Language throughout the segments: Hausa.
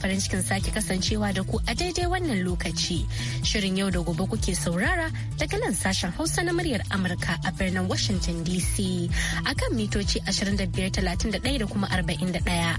farin cikin sake kasancewa da ku a daidai wannan lokaci. Shirin yau da gobe kuke saurara daga nan sashen Hausa na muryar Amurka a birnin Washington DC akan mitoci 2531 da kuma 41.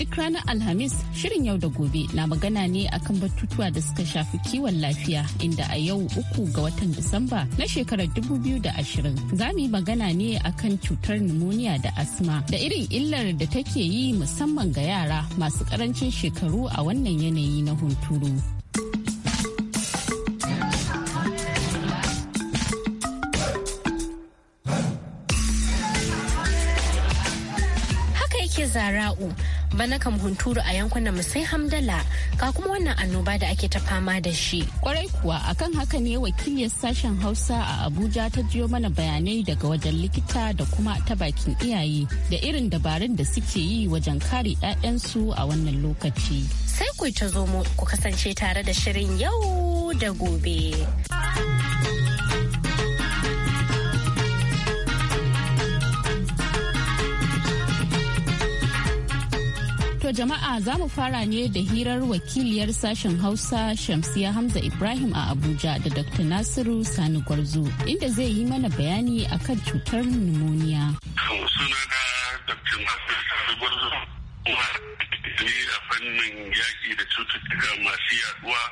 duk ranar Alhamis shirin yau da gobe na magana ne akan batutuwa da suka shafi kiwon lafiya inda a yau uku ga watan Disamba na shekarar dubu biyu da ashirin za mu yi magana ne akan cutar pneumonia da asma da irin illar da take yi musamman ga yara masu karancin shekaru a wannan yanayi na hunturu. zara'u bana kam hunturu a yankunan mu sai hamdala ga kuma wannan annoba da ake ta fama da shi. Kwarai kuwa akan haka ne wakiliyar sashen Hausa a Abuja ta jiyo mana bayanai daga wajen likita da kuma ta bakin iyaye da irin dabarun da suke yi wajen kare 'ya'yansu a wannan lokaci. Sai ku ta zo mu ku kasance tare da shirin yau da gobe. To jama'a za mu fara ne da hirar wakiliyar sashen Hausa Shamsiya Hamza Ibrahim a Abuja da Dr. Nasiru Sani Gwarzo inda zai yi mana bayani akan cutar pneumonia. Sunana Dr. Nasiru Sani ne a fannin yaƙi da cututtuka masu yaduwa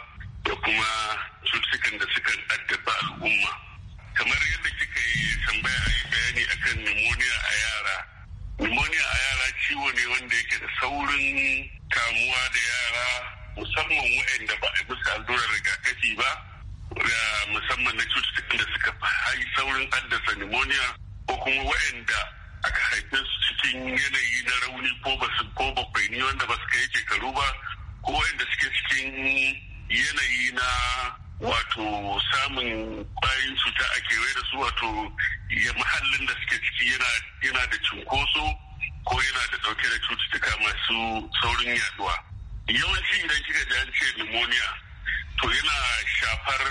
da kuma cututtukan da suka addaba al'umma. Kamar yadda kika yi tambaya a yi bayani akan pneumonia a yara da yara musamman waɗanda ba a musu allurar rigakafi ba musamman na cututtukan da suka hai saurin addasa pneumonia ko kuma waɗanda aka haife su cikin yanayi na rauni ko ba su ko ba kwaini wanda ba su kai shekaru ba ko waɗanda suke cikin yanayi na wato samun kwayoyin cuta a kewaye da su wato ya muhallin da suke ciki yana da cunkoso ko yana da dauke da cututtuka masu saurin yaduwa yawanci idan kika ji an ce pneumonia to yana shafar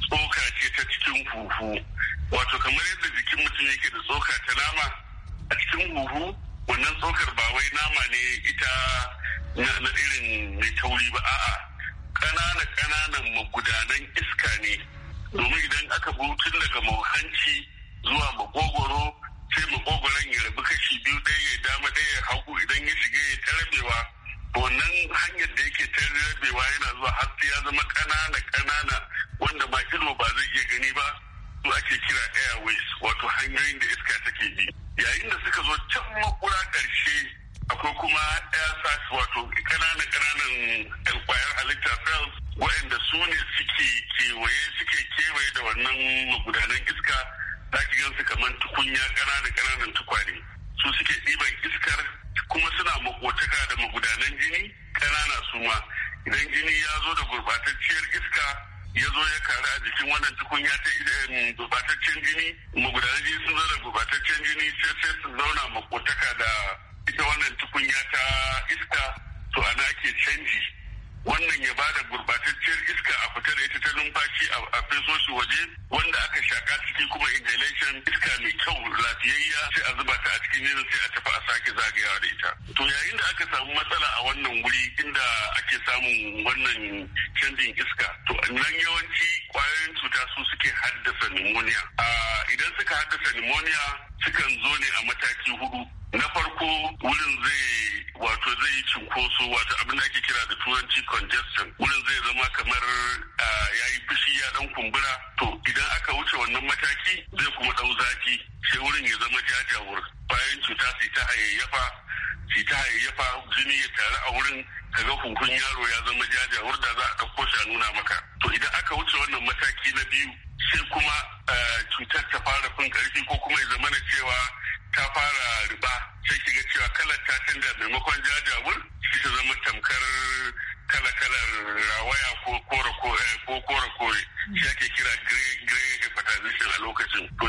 tsoka ce ta cikin huhu wato kamar yadda jikin mutum yake da tsoka ta nama a cikin huhu wannan tsokar ba wai nama ne ita na irin mai tauri ba a'a ƙanana ƙananan magudanan iska ne domin idan aka tun daga mahanci zuwa makogoro sai makogoron ya rabu kashi biyu ɗaya ya dama ɗaya ya hagu idan ya shiga ya tarabewa wannan hanyar da yake ta rabewa yana zuwa har ya zama kanana kanana wanda ba ido ba zai iya gani ba su ake kira airways wato hanyoyin da iska take bi yayin da suka zo can makura karshe akwai kuma air wato ƙanana kananan kwayar eh, halitta cells waɗanda su ne suke kewaye suke kewaye da wannan magudanan iska za ki gansu kamar tukunya kananan ƙananan tukwane su suke ɗiban iskar kuma suna makotaka da magudanan jini ƙanana su ma idan jini ya zo da gurbatacciyar iska ya zo ya karu a jikin wannan tukunya ta gurbataccen jini magudanan jini sun zo da gurbataccen jini sai sai su zauna makotaka da ita wannan tukunya ta iska to ana ke canji wannan ya bada gurbatacciyar iska a fita da ita ta numfashi a fesoshi waje ta a cikin nesa sai a tafi a sake zagayawa da ita to yayin da aka samu matsala a wannan wuri inda ake samun wannan canjin iska to nan yawanci kwayoyin cuta su suke haddasa pneumonia ah, idan suka haddasa pneumonia sukan zo ne a mataki hudu cunkoso wata abin da ake kira da turanci congestion wurin zai zama kamar ya yi fushi ya dan kumbura to idan aka wuce wannan mataki zai kuma dau zafi sai wurin ya zama jajawur bayan cuta sai ta hayayyafa sai ta hayayyafa jini ya taru a wurin kaga kunkun yaro ya zama jajawur da za a ɗauko shi a nuna maka to idan aka wuce wannan mataki na biyu sai kuma cutar ta fara fin karfi ko kuma ya zama cewa ta fara riba sai ki ga cewa kalar ta canza maimakon jajabul shi ta zama tamkar kala-kalar rawaya ko eh, kore kore shi ake kira grey Gire hepatization a lokacin to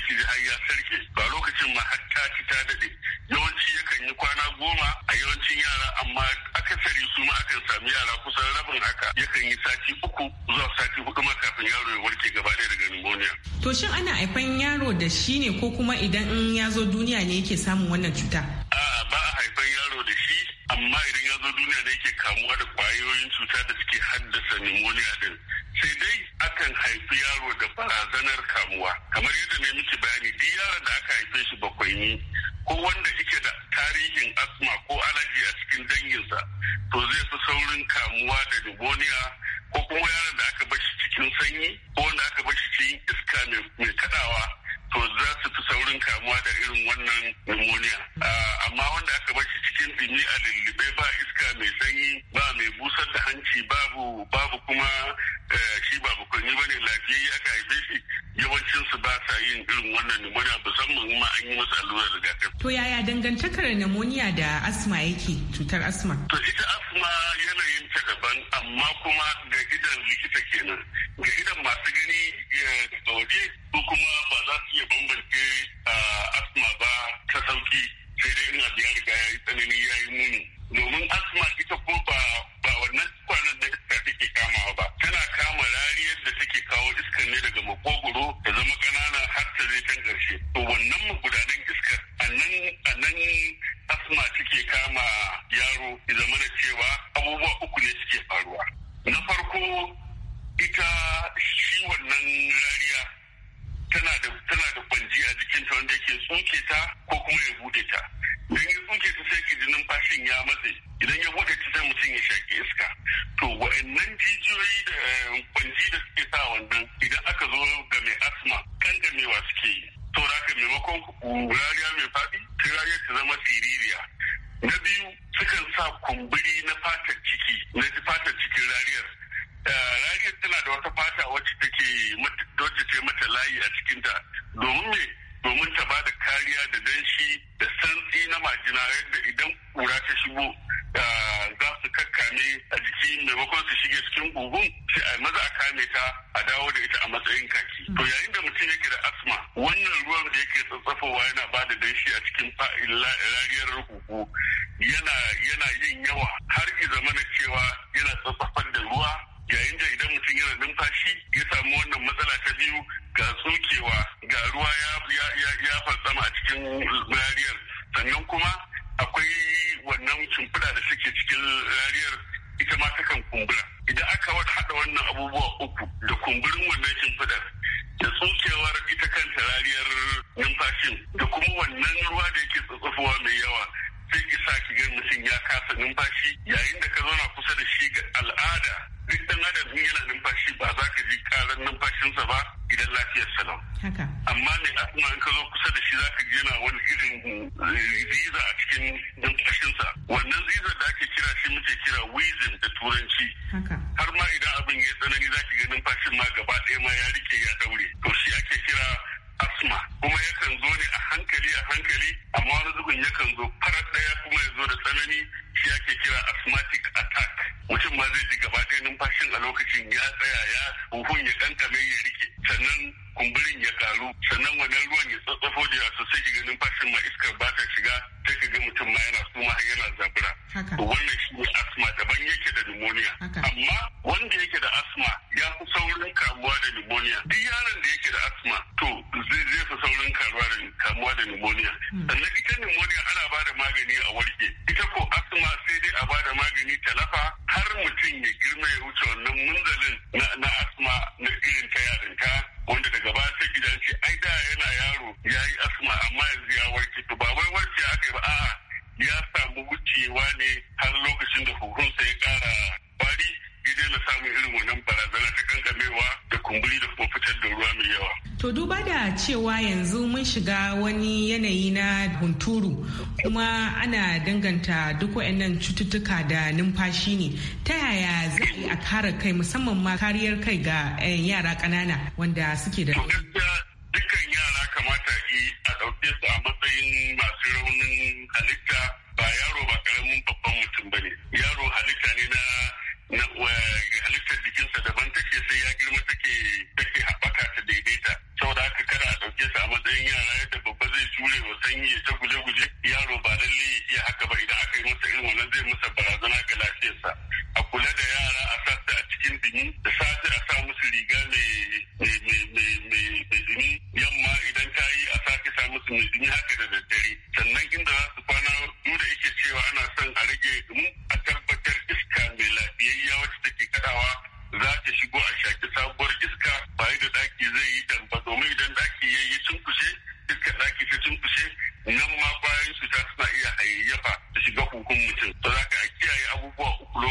ciccibe da ya sarke ba lokacin ma har ta ci ta daɗe yawanci yakan yi kwana goma a yawancin yara amma akasari su ma akan sami yara kusan rabin haka yakan yi sati uku zuwa sati hudu ma kafin yaro ya warke gaba ɗaya daga nimoniya. To shin ana haifan yaro da shi ne ko kuma idan in ya zo duniya ne yake samun wannan cuta? A'a ba a haifan yaro da shi amma idan ya zo duniya ne yake kamuwa da kwayoyin cuta da suke haddasa nimoniya din. Sai dai yakan haifi yaro da barazanar kamuwa kamar yadda ne miki bayani duk yaron da aka haife shi bakwai ne ko wanda yake da tarihin asma ko alaji a cikin danginsa to zai fi saurin kamuwa da pneumonia ko kuma yaron da aka bashi cikin sanyi ko wanda aka bashi cikin iska mai kadawa to za su fi saurin kamuwa da irin wannan pneumonia ah, amma wanda aka bashi cikin dumi a lullube ba iska mai sanyi ba mai busar da hanci babu babu kuma eh, shi yin irin wannan pneumonia musamman ma an yi masa allurar rigakafi. To yaya dangantakar pneumonia da asma yake cutar asma? To ita asma yanayin ta daban amma kuma ga idan likita kenan. akwai wannan shimfida da suke cikin rariyar ita ma kan kumbura idan aka haɗa wannan abubuwa uku da kumburin wannan shimfiɗar da tsukewar ita kanta rariyar numfashin da kuma wannan ruwa da yake tsatsafuwa mai yawa sai isa ki ga mutum ya kasa numfashi yayin da ka zauna kusa da shi ga al'ada duk dan adam in yana numfashi ba za ka ji karar numfashinsa ba idan lafiyar salam amma mai asma in ka zo kusa da shi za ka ji yana wani irin eh, ziza a cikin numfashinsa wannan zizar da ake kira shi muke kira wheezing da turanci har ma idan abin ya tsanani za ki ga numfashin ma gaba ɗaya ma ya rike ya daure to shi ake kira asma kuma yakan zo ne a hankali a hankali amma wani zubin yakan zo farar ɗaya kuma ya zo da tsanani shi ake kira asthmatic attack mutum ma zai ji gaba ɗaya numfashin a lokacin ya tsaya ya huhun ya kankame ya rike sannan kumburin ya karu sannan wani ruwan ya tsotsofo da yasu sai ki ga numfashin ma iskar ba ta shiga sai ki ga mutum ma yana suma yana zabura wannan shi ne asma da shiga wani yanayi na hunturu kuma ana danganta duk waɗannan cututtuka da numfashi ne ta yaya za a kare kai musamman ma kariyar kai ga eh, yara ƙanana wanda suke da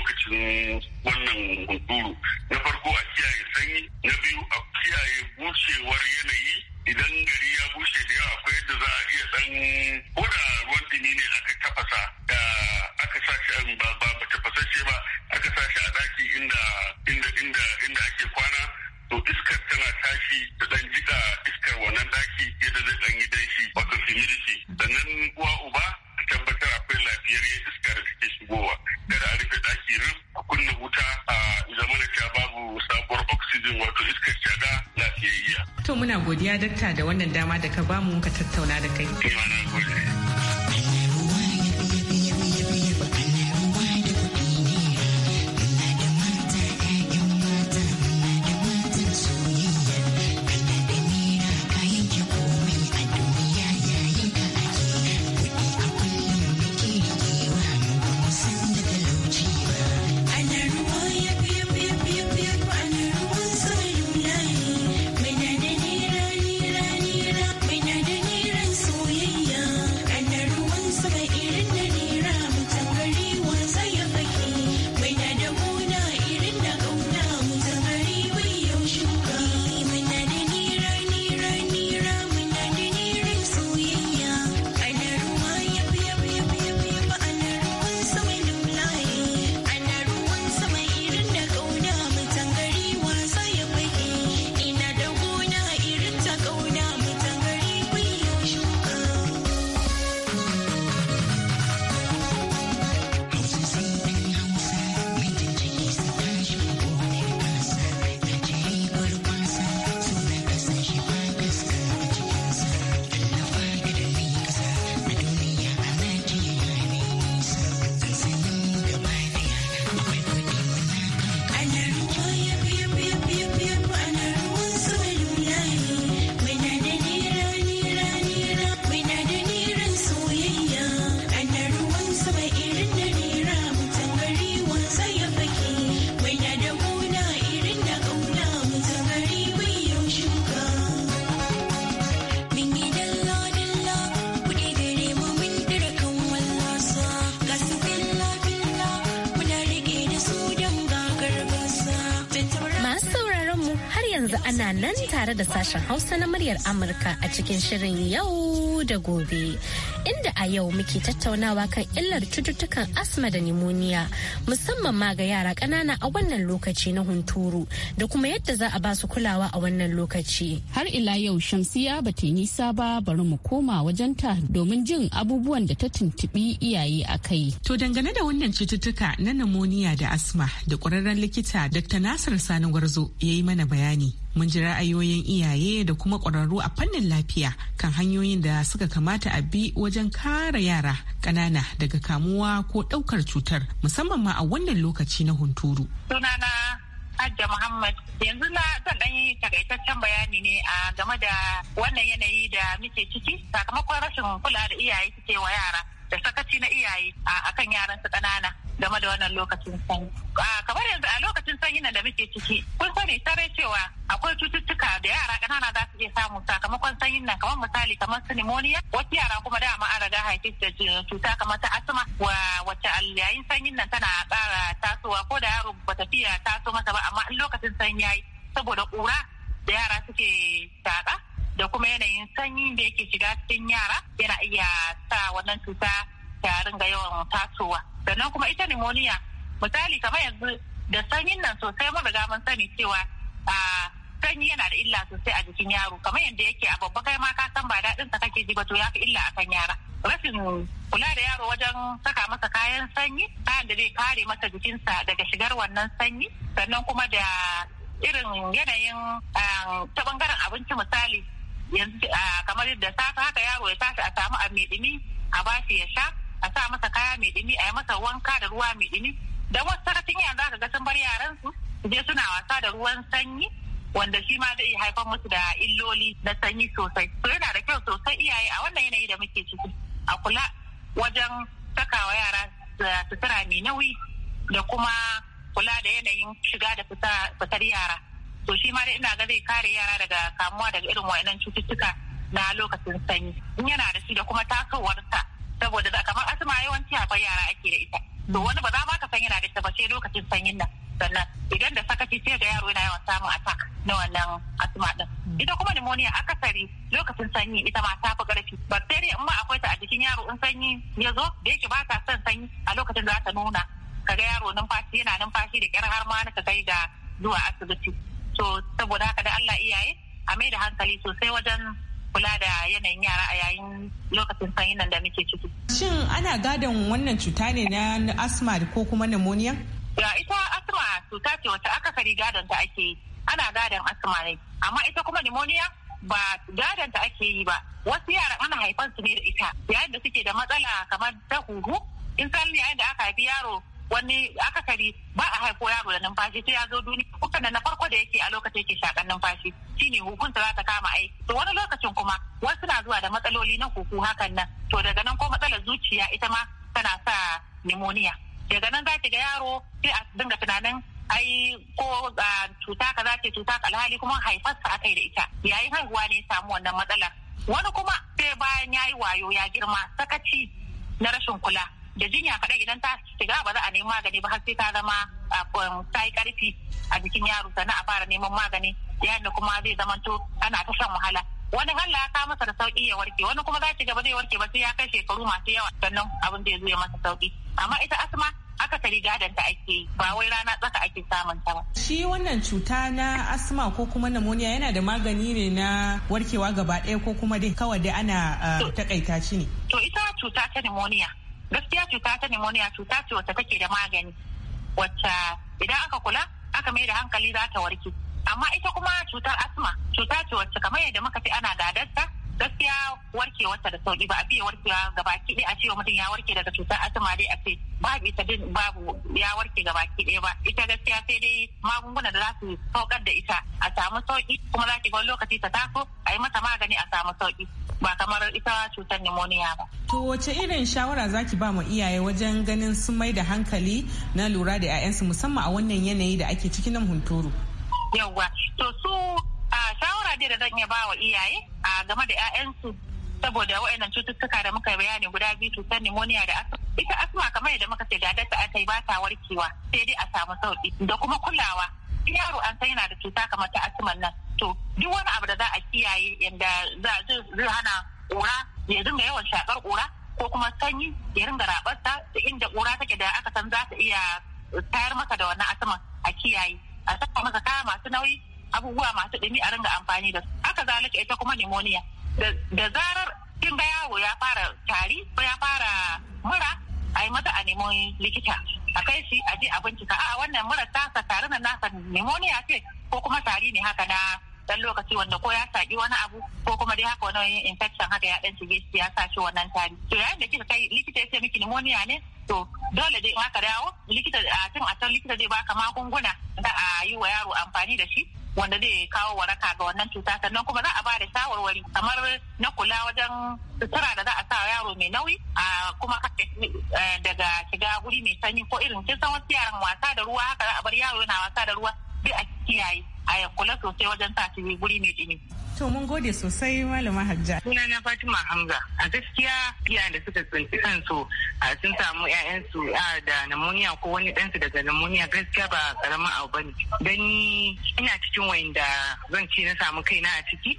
lokacin wannan hunturu na farko a kiyaye sanyi na biyu a kiyaye bushewar yanayi dakta da wannan dama da ka bamu ka tattauna da kai. Eh, da sashen Hausa na muryar Amurka a cikin shirin yau da gobe. Inda a yau muke tattaunawa kan illar cututtukan asma da nimoniya musamman ma ga yara ƙanana a wannan lokaci na hunturu da kuma yadda za a ba su kulawa a wannan lokaci. Har ila yau Shamsiya ba ta nisa ba bari mu koma wajenta domin jin abubuwan da ta tuntubi iyaye a kai. To dangane da wannan cututtuka na nimoniya da asma da ƙwararren likita Dr. Nasir Sani Gwarzo ya yi mana bayani. mun ji ra'ayoyin iyaye da kuma ƙwararru a fannin lafiya kan hanyoyin da suka kamata a bi wajen kare yara ƙanana daga kamuwa ko ɗaukar cutar musamman ma a wannan lokaci na hunturu. Sunana Hajja Muhammad yanzu na zan dan yi takaitaccen bayani ne a game da wannan yanayi da muke ciki sakamakon rashin kula da iyaye suke wa yara. da sakaci na iyaye a kan yaran su kanana game da wannan lokacin sanyi. Kamar yanzu a lokacin sanyi nan da muke ciki, kun sani sarai cewa akwai cututtuka da yara ƙanana za su iya samu sakamakon sanyin nan kamar misali kamar su pneumonia, wasu yara kuma ma an riga haifis da cuta kamar ta asma wacce yayin sanyin nan tana kara tasowa ko da yaro ba tafiya taso masa ba amma in lokacin sanyi yi saboda ƙura da yara suke shaƙa da kuma yanayin sanyi da yake shiga cikin yara yana iya sa wannan cuta ta ringa yawan tasowa sannan kuma ita pneumonia misali kamar yanzu da sanyin nan sosai mun riga mun sani cewa a sanyi yana da illa sosai a jikin yaro kamar yanda yake a babba kai ma ka san ba daɗin sa kake ji ba to ya fi illa akan yara rashin kula da yaro wajen saka masa kayan sanyi kayan da zai kare masa jikinsa daga shigar wannan sanyi sannan kuma da irin yanayin ta bangaren abinci misali yanzu kamar yadda safe haka yaro ya tashi a samu a mai dumi a bashi ya sha a sa masa kaya mai dumi a yi masa wanka da ruwa mai dumi da wasu sarakin yanzu aka ga sun bar yaran su je suna wasa da ruwan sanyi wanda shi ma zai haifar musu da illoli na sanyi sosai to yana da kyau sosai iyaye a wannan yanayi da muke ciki a kula wajen sakawa yara sutura mai nauyi da kuma kula da yanayin shiga da fitar yara to shi ma dai ina ga zai kare yara daga kamuwa daga irin wa'inan cututtuka na lokacin sanyi in yana da shi da kuma tasowarsa saboda za kamar asma yawanci akwai yara ake da ita to wani ba za ma ka san yana da ita ba sai lokacin sanyin nan sannan idan da sakaci sai ga yaro yana yawan samun attack na wannan asma din hmm. ita kuma pneumonia akasari lokacin sanyi ita ma ta fi karfi bacteria in ma akwai ta a jikin yaro in sanyi ya zo da yake ba ta son sanyi a lokacin da za ta nuna kaga yaro numfashi yana numfashi da kyar har ma na ka kai ga zuwa asibiti so saboda haka da Allah iyaye a mai da hankali sosai wajen kula da yanayin yara a yayin lokacin sanyi nan da muke ciki. Shin ana gadon wannan cuta ne na asma ko kuma pneumonia? Ya ita asma cuta ce wacce aka kari gadon ta ake yi. Ana gadon asma ne. Amma ita kuma pneumonia ba gadon ta ake yi ba. Wasu yara ana haifansu ne da ita. Yayin da suke da matsala kamar ta huhu, in san yayin da aka haifi yaro wani akasari ba a haifo yaro da numfashi sai ya zo duniya kukan na farko da yake a lokacin yake shakan numfashi shine hukunta za ta kama aiki to wani lokacin kuma wasu na zuwa da matsaloli na huhu hakan nan to daga nan ko matsalar zuciya ita ma tana sa pneumonia daga nan za ki ga yaro sai a dinga tunanin ai ko cuta Za ce cuta alhali kuma haifarsa akai da ita yayin haihuwa ne ya samu wannan matsalar wani kuma sai bayan ya yi wayo ya girma sakaci na rashin kula da jinya kaɗai idan ta shiga ba za a nemi magani ba har sai ta zama um, ta yi ƙarfi a jikin yaro sannan a fara neman magani yayin da kuma zai zamanto ana ta shan wahala wani hala ya masa da sauki ya warke wani kuma za ci gaba zai warke ba sai ya kai shekaru masu yawa sannan abin zai zo ya masa sauki amma ita asma aka tari gadon ta ake yi ba wai rana tsaka ake samun ta ba shi wannan cuta na asma ko kuma pneumonia yana da magani ne na warkewa gaba ɗaya ko kuma dai kawai dai ana takaita shi ne to ita cuta ta pneumonia gaskiya cuta ta pneumonia cuta ce wata take da magani wacce idan aka kula aka mai da hankali za ta warke amma ita kuma cutar asma cuta ce wacce kamar yadda muka fi ana gadarta gaskiya wata da sauki ba a fiye warkewa baki ɗaya a cewa mutum ya warke daga cutar asma dai a ce babu ita din babu ya warke gabaki ɗaya ba ita gaskiya sai dai magunguna da za su saukar da ita a samu sauki kuma za ki ga lokaci ta taso a yi mata magani a samu sauki ba kamar ita cutar pneumonia ba. To wace irin shawara zaki ba mu iyaye wajen ganin sun mai da hankali na lura da 'ya'yansu musamman a wannan yanayi da ake cikin nan hunturu? Yawwa, to su shawara dai da zan iya ba wa iyaye a game da 'ya'yansu saboda waɗannan cututtuka da muka bayani guda biyu cutar pneumonia da asma ita asma kamar yadda muka ce gadarta aka yi ba ta warkewa sai dai a samu sauki da kuma kulawa yaro an san yana da cuta kamar ta asman nan to duk wani abu da za a kiyaye yadda zai hana ƙura ya dinga yawan shakar ƙura ko kuma sanyi ya ringa rabarta da inda ƙura take da aka san za ta iya tayar maka da wannan asama a kiyaye a saka maka kaya masu nauyi abubuwa masu ɗumi a ringa amfani da su haka zalika ita kuma nimoniya. da zarar kin ga yawo ya fara tari ko ya fara mura a yi mata a nemi likita a kai shi a je a bincika a wannan mura ta sa tare na nasa pneumonia ce ko kuma tari ne haka na dan lokaci wanda ko ya saki wani abu ko kuma dai haka wani infection haka ya dan shige shi ya sa shi wannan tari to yayin da kika kai likita ya ce miki pneumonia ne to dole dai in aka dawo likita a tun a can likita zai baka magunguna da a yi wa yaro amfani da shi wanda zai kawo waraka ga wannan cuta sannan kuma za a ba da shawarwari kamar na kula wajen sutura da za a sa yaro mai nauyi a kuma eh, daga shiga guri mai sanyi ko irin kin san wasu yaran wasa da ruwa haka za a bar yaro yana wasa da ruwa sai a kiyaye a ya kula sosai wajen sa shi guri mai dumi To mun gode sosai malama Hajja. Suna na Fatima Hamza. A gaskiya iya da suka tsinci kansu a sun samu ya'yansu da namuniya ko wani ɗansu daga namuniya gaskiya ba karamin abu bane. Dan ina cikin wayanda zan ce na samu kaina a ciki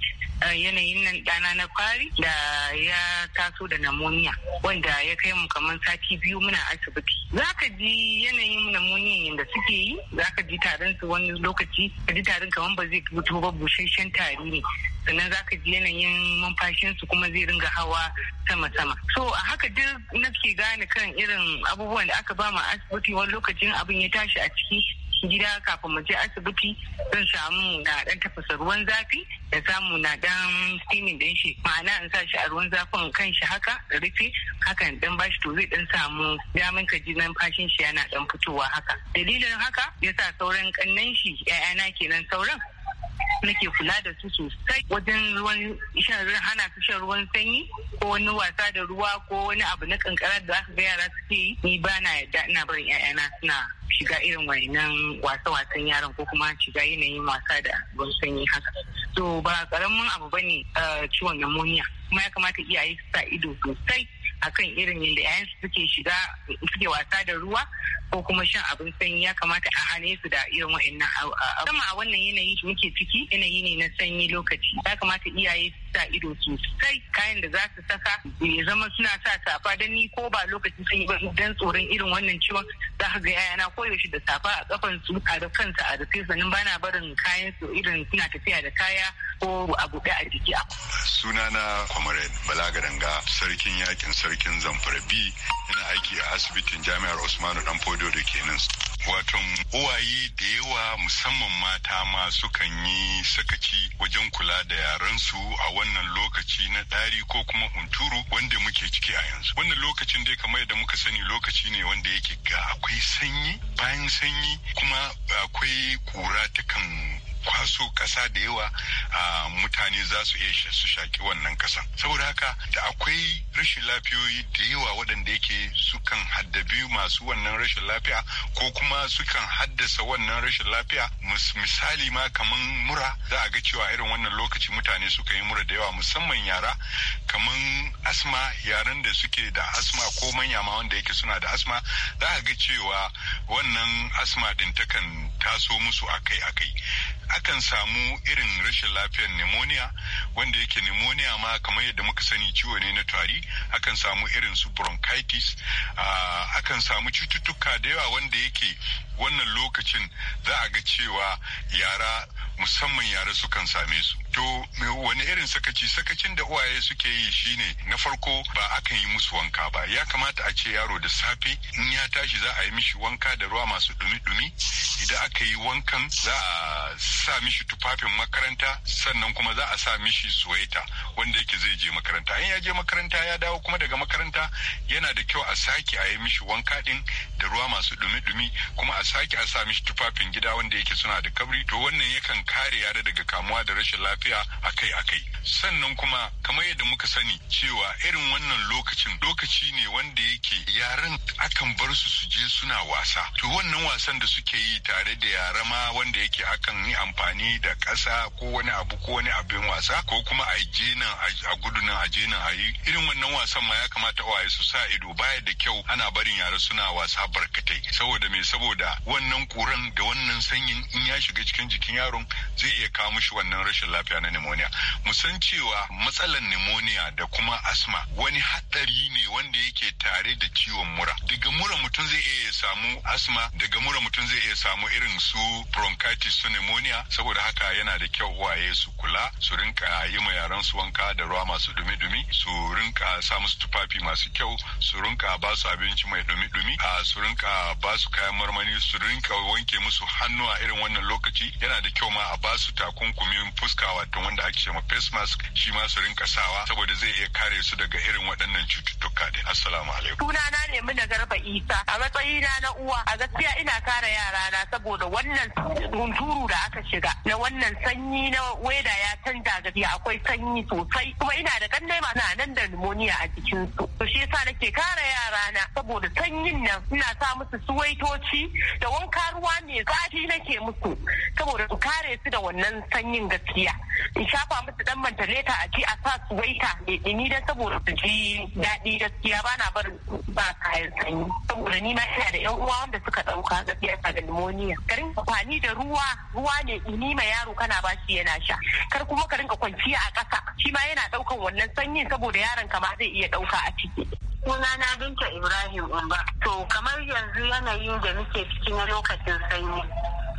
yanayin nan ɗana na fari da ya taso da namuniya wanda ya kai mu kamar sati biyu muna asibiti. Za ka ji yanayin namuniya yadda suke yi, za ka ji tarin su wani lokaci, ka ji tarin kamar ba zai fito ba busasshen tari ne. sannan za ka ji yanayin numfashinsu kuma zai ringa hawa sama-sama so a haka duk nake gane kan irin abubuwan da aka ba mu asibiti wani lokacin abin ya tashi a ciki gida kafin mu je asibiti zan samu na dan tafasa ruwan zafi da samu na dan steaming din shi ma'ana in sa shi a ruwan zafin kan shi haka da rufe haka dan bashi to zai dan samu damin ka ji fashin shi yana dan fitowa haka dalilin haka yasa sauran kannan shi 'ya'yana kenan sauran nake kula da su sosai wajen ruwan shan hana su shan ruwan sanyi ko wani wasa da ruwa ko wani abu na kankara da aka ga yara suke yi ni ba na yarda ina barin 'ya'yana suna shiga irin wannan wasa-wasan yaran ko kuma shiga yanayin wasa da ruwan sanyi haka. To ba karamin abu bane eh, ciwon pneumonia kuma ya kamata iyaye su sa ido sosai akan irin yadda 'ya'yan suke shiga suke wasa da ruwa ko kuma shan abin sanyi ya kamata a hane su da irin wa'annan sama a wannan yanayi muke ciki yanayi ne na sanyi lokaci ya kamata iyaye su sa ido sosai kayan da za su saka ya zama suna sa safa don ni ko ba lokacin sanyi ba don tsoron irin wannan ciwon za ka ga yayana koyaushe da safa a kafan su a da kansa a da rufe sannan bana barin kayan su irin suna tafiya da kaya ko a ɗaya a jiki sunana comrade balagadanga sarkin yakin sarkin zamfara b yana aiki a asibitin jami'ar usmanu dan fodo da ke nan watan uwaye da yawa musamman mata ma sukan yi sakaci wajen kula da yaransu a wannan lokaci na ɗari ko kuma hunturu wanda muke ciki a yanzu wannan lokacin dai kamar yadda muka sani lokaci ne wanda yake ga akwai sanyi bayan sanyi kuma akwai kura ta kan kwaso ƙasa da yawa mutane za su iya su shaki wannan ƙasan saboda haka da akwai rashin lafiyoyi da yawa waɗanda yake sukan haddabi masu wannan rashin lafiya ko kuma sukan haddasa wannan rashin lafiya misali ma kaman mura za a ga cewa irin wannan lokaci mutane suka yi mura da yawa musamman yara kaman asma yaran da suke da asma ko manya ma wanda yake suna da asma za a ga cewa wannan asma din takan taso musu akai-akai akan samu irin rashin lafiyar pneumonia wanda yake pneumonia ma kamar yadda muka sani ciwo ne na tari akan samu irin su bronchitis akan samu cututtuka da yawa wanda yake wannan lokacin za a ga cewa yara musamman yara sukan same su To wani irin sakaci sakacin da uwaye suke yi shine na farko ba akan yi musu wanka ba ya kamata a ce yaro da safe in ya tashi za a yi mishi wanka da ruwa masu dumi-dumi idan aka yi wankan za a sa mishi tufafin makaranta sannan kuma za a sa mishi suwaita wanda yake zai je makaranta in ya je makaranta ya dawo kuma daga makaranta yana da kyau a sake a yi mishi wanka din da ruwa masu dumi-dumi kuma a sake a sa mishi tufafin gida wanda yake suna da kabri to wannan yakan kare yara daga kamuwa da rashin lafiya lafiya akai-akai. Sannan kuma kamar yadda muka sani cewa irin wannan lokacin lokaci ne wanda yake yaran akan bar su su je suna wasa. To wannan wasan da suke yi tare da yara ma wanda yake akan yi amfani da ƙasa ko wani abu ko wani abin wasa ko kuma a je nan a gudu nan a je nan a yi irin wannan wasan ma ya kamata waye su sa ido baya da kyau ana barin yara suna wasa barkatai saboda me saboda wannan kuran da wannan sanyin in ya shiga cikin jikin yaron zai iya kawo mishi wannan rashin lafiya. lafiya na pneumonia mu san cewa matsalar pneumonia da kuma asma wani hatsari ne wanda yake tare da ciwon mura daga mura mutum zai iya samu asma daga mura mutum zai iya samu irin su bronchitis su pneumonia saboda haka yana da kyau waye su kula su rinka yi ma yaran su wanka da ruwa masu dumi-dumi su rinka sa musu tufafi masu kyau su rinka ba su abinci mai dumi-dumi su rinka ba su kayan marmari su rinka wanke musu hannu a irin wannan lokaci yana da kyau ma a ba su takunkumin fuskawa wato wanda ake cewa face mask shi ma su rinka sawa saboda zai iya kare su daga irin waɗannan cututtuka din assalamu alaikum na ne mun na garba isa a matsayina na uwa a gaskiya ina kare na saboda wannan hunturu da aka shiga na wannan sanyi na weda ya canza gari akwai sanyi sosai kuma ina da kannai na nan da pneumonia a jikin su. to shi yasa nake kare na saboda sanyin nan ina sa musu suwaitoci da wanka ruwa mai zafi nake musu saboda su kare su da wannan sanyin gaskiya in shafa musu dan mantaleta a ji a sa su waita mai dini dan saboda su ji daɗi gaskiya ba na bar ba kayan sanyi saboda ni ma ina da yan uwa wanda suka ɗauka gaskiya sa da pneumonia ka rinka amfani da ruwa ruwa ne ni ma yaro kana ba shi yana sha kar kuma ka rinka kwanciya a ƙasa shi ma yana ɗaukan wannan sanyin saboda yaron ka ma zai iya ɗauka a ciki Suna na binta ibrahim umba to kamar yanzu yanayin da muke cikin na lokacin sanyi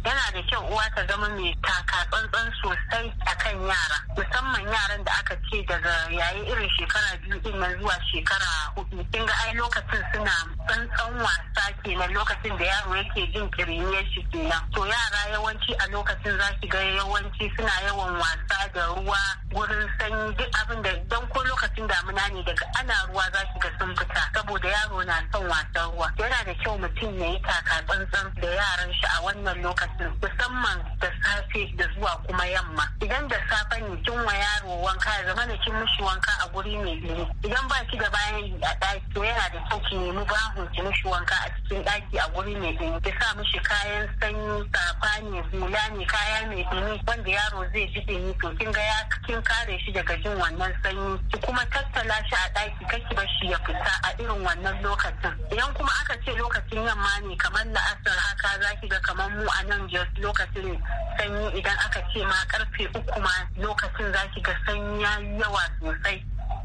yana da kyau uwa ta zama mai taka tsantsan sosai a kan yara musamman yaran da aka ce daga yayi irin shekara biyu din nan zuwa shekara hudu kin ga ai lokacin suna tsantsan wasa kenan lokacin da yaro yake jin kiriniyar shi kenan to yara yawanci a lokacin za ki ga yawanci suna yawan wasa da ruwa gurin sanyi duk abin da dan ko lokacin damuna ne daga ana ruwa za ki ga sun fita saboda yaro na son wasan ruwa yana da kyau mutum ya yi taka tsantsan da yaran shi a wannan lokacin musamman da safe da zuwa kuma yamma idan da safe ne kin wa yaro wanka ya zama da kin mushi wanka a guri mai dumi idan ba ki da bayan a daki. yana da kyau ki nemi bahun ki mushi wanka a cikin daki a guri mai dumi ki sa mushi kayan sanyi safa ne hula ne kaya mai dumi wanda yaro zai ji dumi to kin ga ya kin kare shi daga jin wannan sanyi ki kuma tattala shi a ɗaki kake bar shi ya fita a irin wannan lokacin idan kuma aka ce lokacin yamma ne kamar la'asar haka zaki ga kamar mu a nan jos lokacin sanyi idan aka ce ma karfe uku ma lokacin za ki ga sanyi ya yawa sosai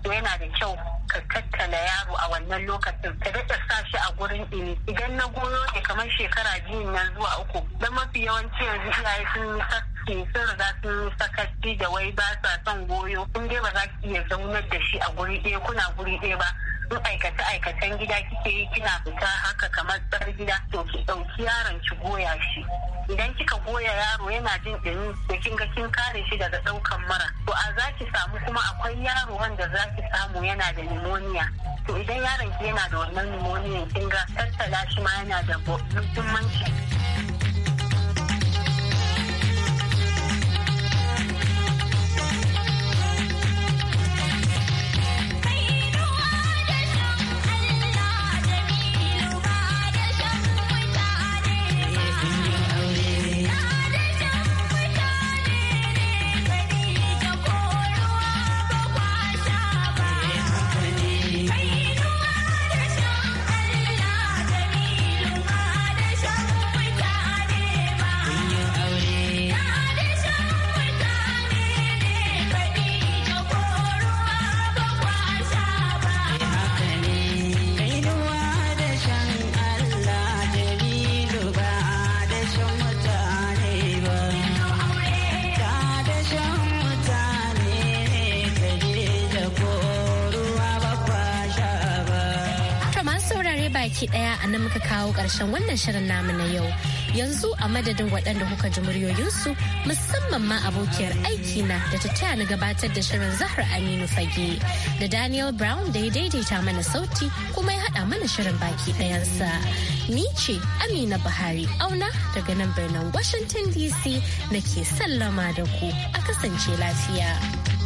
yana da kyau ka tattala yaro a wannan lokacin ka daɗa sa shi a gurin ɗini idan na goyo ne kamar shekara biyu na zuwa uku don mafi yawanci yanzu iyaye sun yi sun riga sun yi sakaci da wai ba sa son goyo kun dai ba za ki iya zaunar da shi a guri ɗaya kuna guri ɗaya ba duk aikace aikacen gida kike yi kina fita haka kamar tsar gida to ki ɗauki yaron ki goya shi idan kika goya yaro yana jin ɗani da kin ga kin kare shi daga ɗaukan mara to a zaki samu kuma akwai yaro wanda zaki samu yana da nimoniya. to idan yaron ki yana da wannan pneumonia kin ga tattala shi ma yana da muhimmanci. muka kawo ƙarshen wannan shirin namu na yau. Yanzu a madadin waɗanda kuka ji muryoyinsu musamman ma abokiyar aiki na da ta taya na gabatar da shirin Zahra Aminu Fage da Daniel Brown da ya daidaita mana sauti kuma ya haɗa mana shirin baki ɗayansa. Ni ce Amina Buhari auna daga nan birnin Washington DC na nake sallama da ku a kasance lafiya.